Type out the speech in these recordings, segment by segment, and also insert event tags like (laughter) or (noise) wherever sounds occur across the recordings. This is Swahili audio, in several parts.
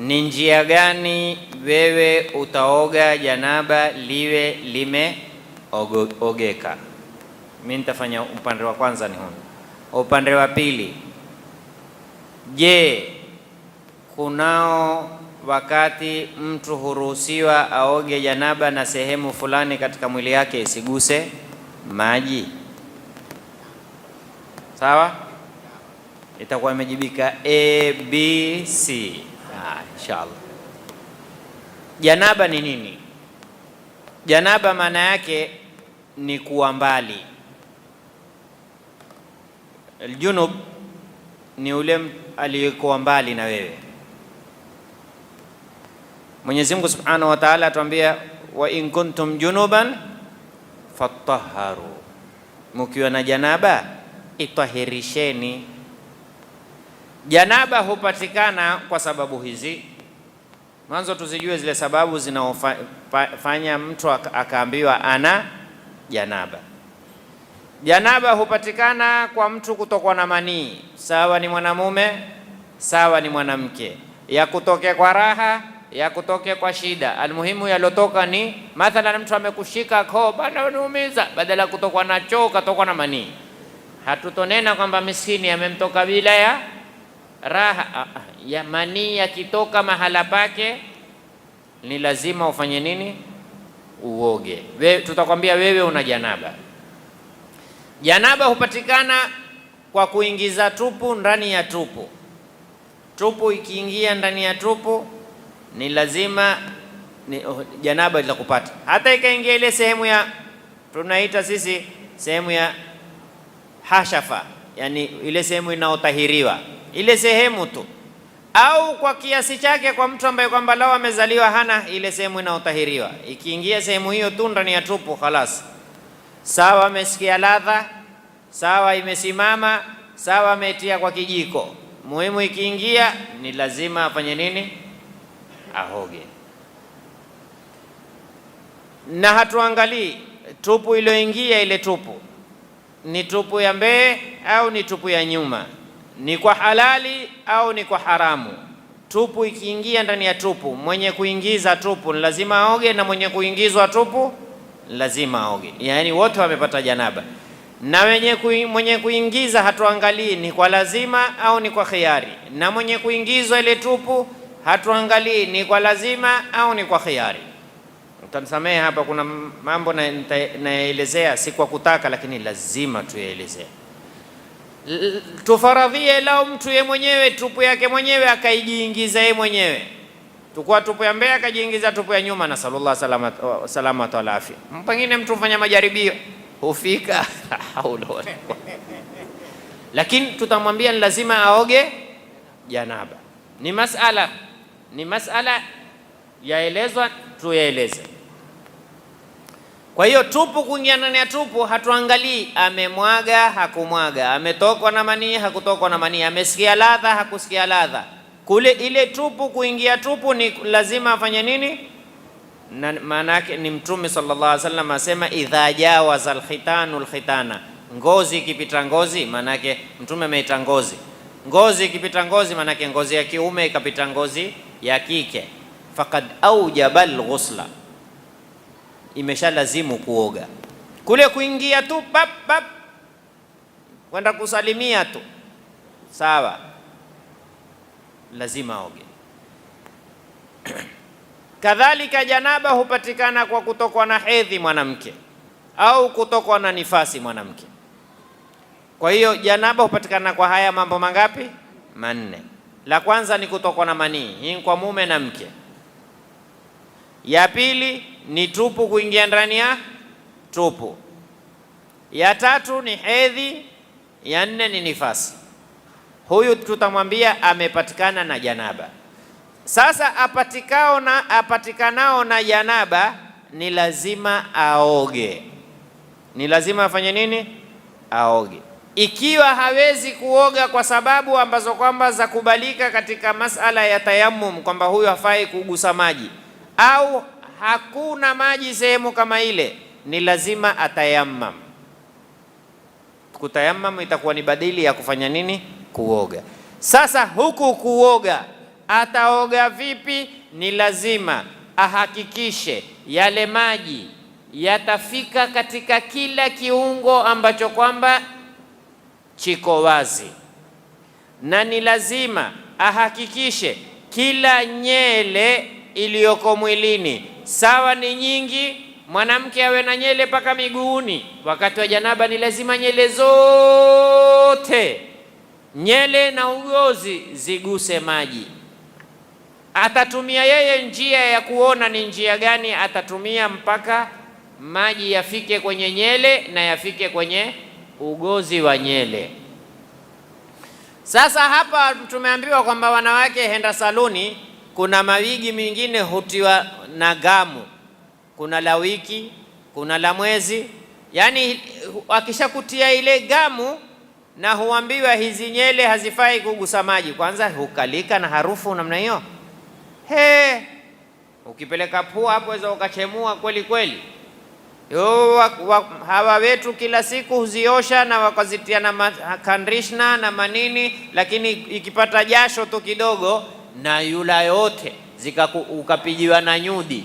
ni njia gani wewe utaoga janaba liwe limeogeka? Mimi nitafanya upande wa kwanza ni huu. Upande wa pili, je, kunao wakati mtu huruhusiwa aoge janaba na sehemu fulani katika mwili yake isiguse maji? Sawa, itakuwa imejibika A B C inshallah. Janaba ni nini? Janaba maana yake ni kuwa mbali. Aljunub ni ule aliyekuwa mbali na wewe. Mwenyezi Mungu Subhanahu wa Ta'ala atuambia, wa in kuntum junuban fatahharu, mukiwa na janaba itahirisheni. Janaba hupatikana kwa sababu hizi. Mwanzo tuzijue zile sababu zinaofanya mtu akaambiwa ana janaba. Janaba hupatikana kwa mtu kutokwa na manii, sawa ni mwanamume, sawa ni mwanamke, ya kutokea kwa raha, ya kutokea kwa shida. Almuhimu yalotoka ni mathalan, mtu amekushika koo bana, uniumiza, badala ya kutokwa na choo katokwa na manii. Hatutonena kwamba miskini amemtoka bila ya raha. Ah, ah, manii yakitoka mahala pake ni lazima ufanye nini? Uoge. We, tutakwambia wewe una janaba. Janaba hupatikana kwa kuingiza tupu ndani ya tupu. Tupu ikiingia ndani ya tupu ni lazima ni, oh, janaba itakupata hata ikaingia ile sehemu ya tunaita sisi sehemu ya hashafa, yani ile sehemu inaotahiriwa ile sehemu tu au kwa kiasi chake kwa mtu ambaye kwamba lao amezaliwa hana ile sehemu inayotahiriwa, ikiingia sehemu hiyo tu ndani ya tupu khalas, sawa amesikia ladha, sawa imesimama, sawa ametia kwa kijiko, muhimu ikiingia ni lazima afanye nini? Ahoge. Na hatuangalii tupu iliyoingia, ile tupu ni tupu ya mbele au ni tupu ya nyuma ni kwa halali au ni kwa haramu. Tupu ikiingia ndani ya tupu, mwenye kuingiza tupu ni lazima aoge na mwenye kuingizwa tupu lazima aoge, yaani wote wamepata janaba. Na wenye kui, mwenye kuingiza hatuangalii ni kwa lazima au ni kwa khiari, na mwenye kuingizwa ile tupu hatuangalii ni kwa lazima au ni kwa khiari. Mtanisamehe hapa, kuna mambo nayaelezea na si kwa kutaka, lakini lazima tuyaelezee tufaradhie lao mtu ye mwenyewe tupu yake mwenyewe akaijiingiza ye mwenyewe tukua tupu ya mbele akajiingiza tupu ya nyuma, na sallallahu salama salama wala afya. Pengine mtu ufanya majaribio hufika lakini tutamwambia ni lazima aoge janaba. Ni masala ni masala yaelezwa, tuyaeleze. Kwa hiyo tupu kuingia ndani tupu, hatuangalii amemwaga hakumwaga, ametokwa na manii hakutokwa na manii, amesikia ladha hakusikia ladha. Kule ile tupu kuingia tupu ni lazima afanye nini? Na maana yake ni Mtume sallallahu alaihi wasallam asema, idha jawaza alkhitanu alkhitana, ngozi ikipita ngozi. Maana yake Mtume ameita ngozi, ngozi ikipita ngozi, maana yake ngozi ya kiume ikapita ngozi ya kike. Faqad aujaba alghusla imeshalazimu kuoga. Kule kuingia tu pap pap, kwenda kusalimia tu, sawa, lazima aoge. (clears throat) Kadhalika, janaba hupatikana kwa kutokwa na hedhi mwanamke au kutokwa na nifasi mwanamke. Kwa hiyo janaba hupatikana kwa haya mambo mangapi? Manne. La kwanza ni kutokwa na manii, hii kwa mume na mke. Ya pili ni tupu kuingia ndani ya tupu. Ya tatu ni hedhi. Ya nne ni nifasi. Huyu tutamwambia amepatikana na janaba. Sasa apatikao na apatikanao na janaba ni lazima aoge, ni lazima afanye nini? Aoge. Ikiwa hawezi kuoga kwa sababu ambazo kwamba za kubalika katika masala ya tayammum, kwamba huyu hafai kugusa maji au hakuna maji sehemu kama ile, ni lazima atayamam. Kutayamam itakuwa ni badili ya kufanya nini? Kuoga. Sasa huku kuoga ataoga vipi? Ni lazima ahakikishe yale maji yatafika katika kila kiungo ambacho kwamba chiko wazi, na ni lazima ahakikishe kila nyele iliyoko mwilini, sawa ni nyingi. Mwanamke awe na nyele mpaka miguuni, wakati wa janaba ni lazima nyele zote, nyele na ugozi ziguse maji. Atatumia yeye njia ya kuona ni njia gani atatumia mpaka maji yafike kwenye nyele na yafike kwenye ugozi wa nyele. Sasa hapa tumeambiwa kwamba wanawake henda saluni kuna mawigi mingine hutiwa na gamu, kuna la wiki, kuna la mwezi. Yaani akishakutia ile gamu na huambiwa hizi nyele hazifai kugusa maji, kwanza hukalika na harufu namna hiyo. He, ukipeleka pua hapo weza ukachemua kweli kweli. Yo, wa, wa, hawa wetu kila siku huziosha na wakazitia na kandrishna na manini, lakini ikipata jasho tu kidogo na yula yote ukapijiwa na nyudi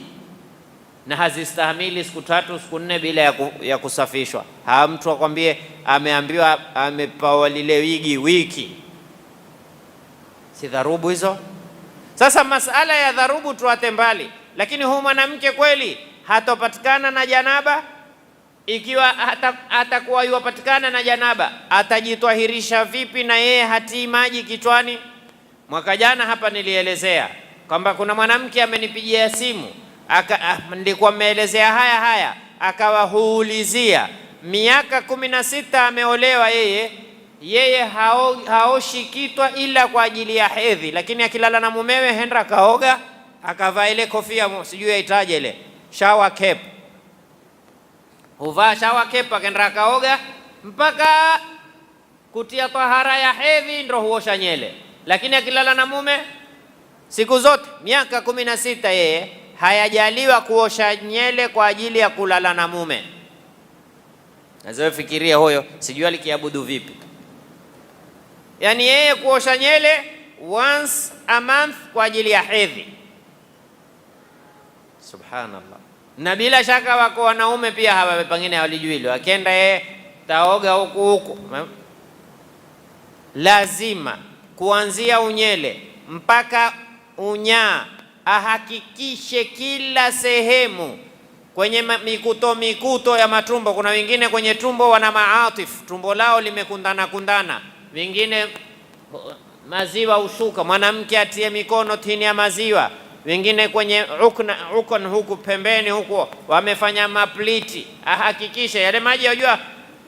na hazistahamili siku tatu siku nne bila ya, ku, ya kusafishwa. Ha, mtu akwambie ameambiwa amepawa lile wigi wiki, si dharubu hizo? Sasa masala ya dharubu tuwate mbali, lakini huu mwanamke kweli hatopatikana na janaba. Ikiwa atakuwa yuwapatikana na janaba, atajitwahirisha vipi na yeye hatii maji kichwani? Mwaka jana hapa nilielezea kwamba kuna mwanamke amenipigia simu aka, ah, nilikuwa mmeelezea haya haya, akawa huulizia miaka kumi na sita ameolewa yeye, yeye hao, haoshi kitwa ila kwa ajili ya hedhi, lakini akilala na mumewe henda akaoga akavaa ile kofia sijui aitaje ile shower cap, huvaa shower cap akaenda akaoga mpaka kutia tahara ya hedhi ndo huosha nyele lakini akilala na mume siku zote miaka kumi na sita yeye hayajaliwa kuosha nyele kwa ajili ya kulala na mume. Nazofikiria huyo, sijui alikiabudu vipi? Yaani yeye kuosha nyele once a month kwa ajili ya hedhi. Subhanallah. Na bila shaka wako wanaume pia hawa pengine hawalijui hilo, akienda yeye taoga huku huku, lazima kuanzia unyele mpaka unyaa, ahakikishe kila sehemu kwenye mikuto mikuto ya matumbo. Kuna wengine kwenye tumbo wana maatif, tumbo lao limekundana kundana, wengine maziwa ushuka, mwanamke atie mikono chini ya maziwa, wengine kwenye ukna, ukon huku pembeni huko wamefanya mapliti. Ahakikishe yale maji yajua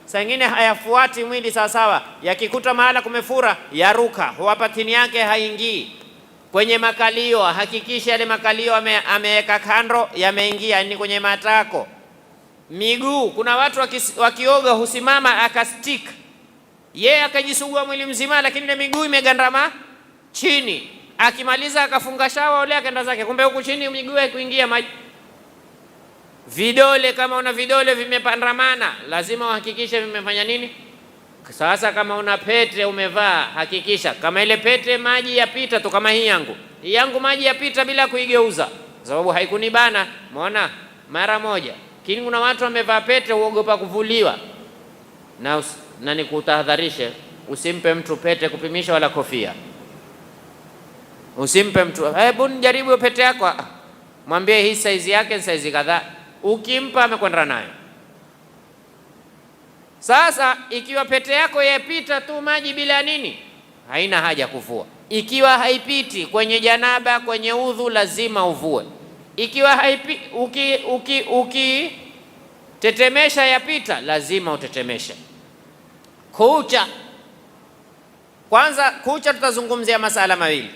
Sangine hayafuati mwili sawasawa, yakikuta mahala kumefura yaruka, huwapa tini yake haingii kwenye makalio. Hakikisha yale makalio ameweka kando, yameingia ni kwenye matako. Miguu, kuna watu wakioga husimama akastik, yeye akajisugua mwili mzima, lakini ile miguu imegandama chini. Akimaliza akafunga shawa, ole akaenda zake, kumbe huku chini miguu haikuingia maji Vidole kama una vidole vimepandamana, lazima uhakikishe vimefanya nini. Sasa kama una pete umevaa, hakikisha kama ile pete maji yapita tu, kama hii yangu hii yangu maji yapita bila kuigeuza, sababu haikunibana, umeona mara moja. Lakini kuna watu wamevaa pete huogopa kuvuliwa na, na nikutahadharishe, usimpe mtu pete kupimisha wala kofia, usimpe mtu hebu jaribu pete yako, mwambie hii saizi yake ni saizi kadhaa ukimpa amekwenda nayo. Sasa ikiwa pete yako yapita tu maji bila nini, haina haja kuvua. Ikiwa haipiti kwenye janaba, kwenye udhu, lazima uvue. Ikiwa haipi, uki, uki, uki tetemesha yapita, lazima utetemeshe kucha. Kwanza kucha, tutazungumzia masala mawili.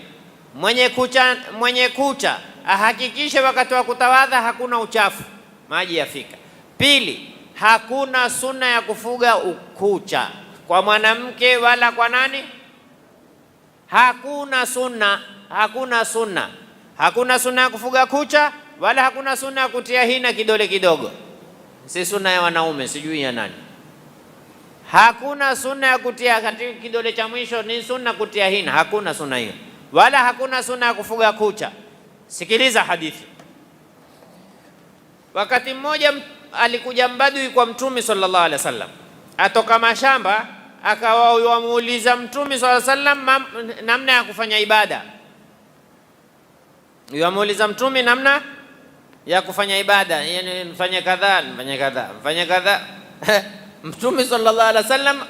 Mwenye kucha, mwenye kucha ahakikishe wakati wa kutawadha hakuna uchafu maji yafika. Pili, hakuna sunna ya kufuga ukucha kwa mwanamke wala kwa nani. Hakuna sunna, hakuna sunna, hakuna sunna ya kufuga kucha wala hakuna sunna ya kutia hina kidole kidogo. Si sunna ya wanaume, sijui ya nani. Hakuna sunna ya kutia katika kidole cha mwisho, ni sunna kutia hina. Hakuna sunna hiyo, wala hakuna sunna ya kufuga kucha. Sikiliza hadithi Wakati mmoja alikuja mbadui kwa Mtume sallallahu alaihi wasallam, atoka mashamba, akawa wamuuliza Mtume sallallahu alaihi wasallam namna ya kufanya ibada, wamuuliza Mtume namna ya kufanya ibada, yani mfanye kadhaa, mfanye kadhaa, mfanye kadhaa. (laughs) Mtume sallallahu alaihi wasallam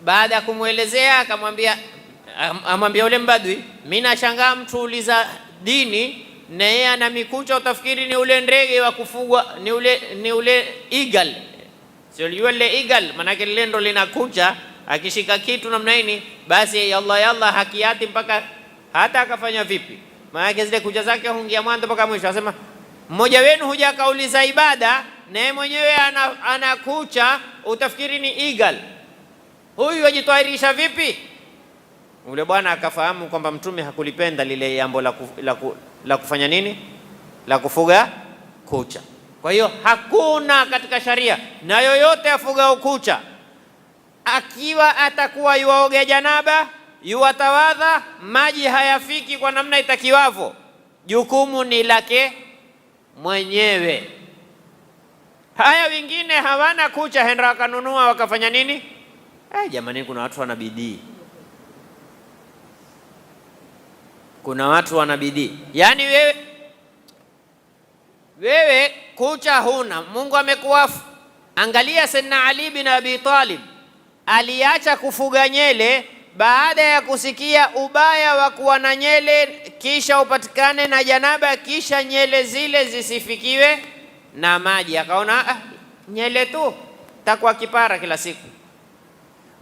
baada ya kumwelezea akamwambia, amwambia yule mbadui, mimi nashangaa mtu uliza dini na yeye ana mikucha, utafikiri ni ule ndege wa kufugwa, ni ule ni ule eagle, sio ile ile eagle. Manake lile ndo linakucha, akishika kitu namna hii, basi yalla yalla hakiati mpaka hata akafanya vipi, manake zile kucha zake hungia mwanzo mpaka mwisho. Asema mmoja wenu huja akauliza ibada, na yeye mwenyewe ana, ana utafikiri ni eagle. Huyu ajitwairisha vipi? Ule bwana akafahamu kwamba mtume hakulipenda lile jambo la la kufanya nini? La kufuga kucha. Kwa hiyo hakuna katika sharia, na yoyote afuga kucha akiwa atakuwa yuwaoga janaba, yuwatawadha, maji hayafiki kwa namna itakiwavyo, jukumu ni lake mwenyewe. Haya, wengine hawana kucha, henda wakanunua wakafanya nini? Eh, jamani, kuna watu wana bidii Kuna watu wana bidii, yaani wewe wewe kucha huna, Mungu amekuafu. Angalia Sayyidina Ali bin Abi Talib aliacha kufuga nyele baada ya kusikia ubaya wa kuwa na nyele, kisha upatikane na janaba, kisha nyele zile zisifikiwe na maji. Akaona ah, nyele tu takuwa kipara kila siku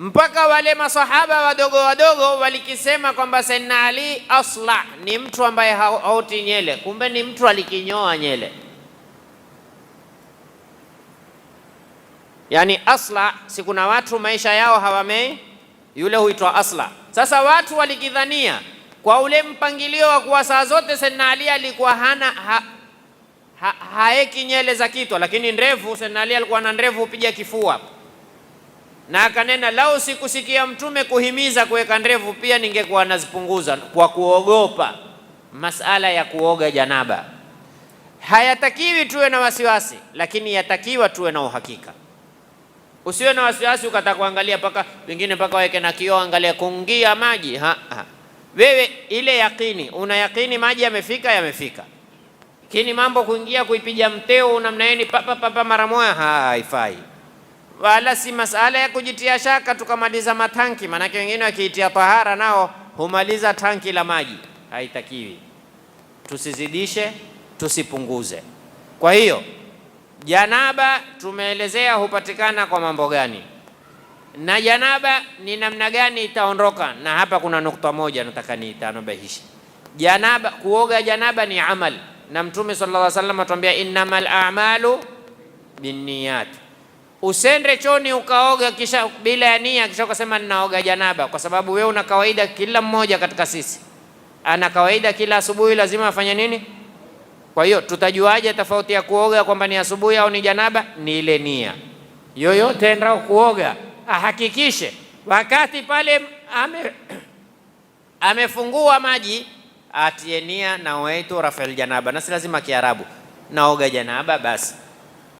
mpaka wale masahaba wadogo wadogo walikisema kwamba Sayyidina Ali asla ni mtu ambaye haoti nyele, kumbe ni mtu alikinyoa nyele. Yaani asla, si kuna watu maisha yao hawamei, yule huitwa asla. Sasa watu walikidhania kwa ule mpangilio wa kuwa saa zote Sayyidina Ali alikuwa hana ha, ha, haeki nyele za kichwa, lakini ndevu. Sayyidina Ali alikuwa na ndevu, hupiga kifua na akanena, lau sikusikia mtume kuhimiza kuweka ndevu pia ningekuwa nazipunguza kwa kuogopa masala ya kuoga janaba. Hayatakiwi tuwe na wasiwasi, lakini yatakiwa tuwe na uhakika. Usiwe na wasiwasi ukataka kuangalia paka wengine paka waweke na kio angalia kuingia maji ha, ha. Wewe ile yakini, una yakini maji yamefika, yamefika. Lakini mambo kuingia kuipiga mteo namna hii papa papa mara moja haifai wala si masala ya kujitia shaka tukamaliza matanki, maanake wengine wakiitia tahara nao humaliza tanki la maji. Haitakiwi, tusizidishe tusipunguze. Kwa hiyo janaba tumeelezea hupatikana kwa mambo gani, na janaba ni namna gani itaondoka. Na hapa kuna nukta moja nataka niitanabahishi janaba. Kuoga janaba ni amal, na Mtume sallallahu alaihi wasallam atuambia innamal a'malu binniyat Usende choni ukaoga kisha bila ya nia, kisha ukasema ninaoga janaba, kwa sababu wewe una kawaida. Kila mmoja katika sisi ana kawaida, kila asubuhi lazima afanye nini? Kwa hiyo tutajuaje tofauti ya kuoga kwamba ni asubuhi au ni janaba? Ni ile nia. Yoyote endao kuoga ahakikishe wakati pale ame, amefungua maji atie nia, nawaitu rafael janaba, na si lazima Kiarabu, naoga janaba basi.